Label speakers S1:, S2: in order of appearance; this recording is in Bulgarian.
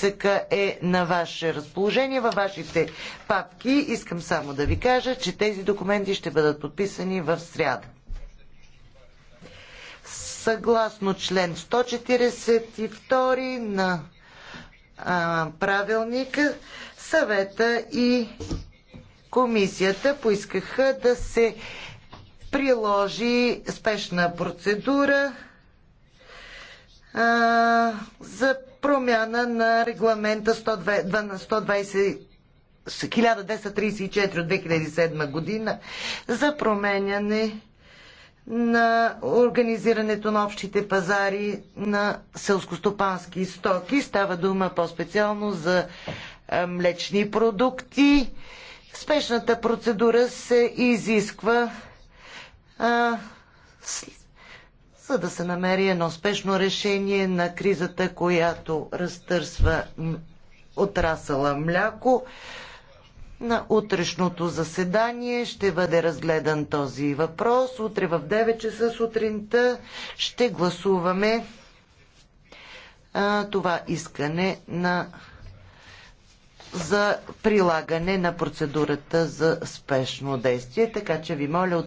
S1: списъка е на ваше разположение, във вашите папки. Искам само да ви кажа, че тези документи ще бъдат подписани в сряда. Съгласно член 142 на а, правилника, съвета и комисията поискаха да се приложи спешна процедура а, за промяна на регламента 120 1234 от 2007 година за променяне на организирането на общите пазари на селскостопански стоки. Става дума по-специално за млечни продукти. спешната процедура се изисква а, за да се намери едно успешно решение на кризата, която разтърсва отрасъла мляко. На утрешното заседание ще бъде разгледан този въпрос. Утре в 9 часа сутринта ще гласуваме а, това искане на за прилагане на процедурата за спешно действие, така че ви моля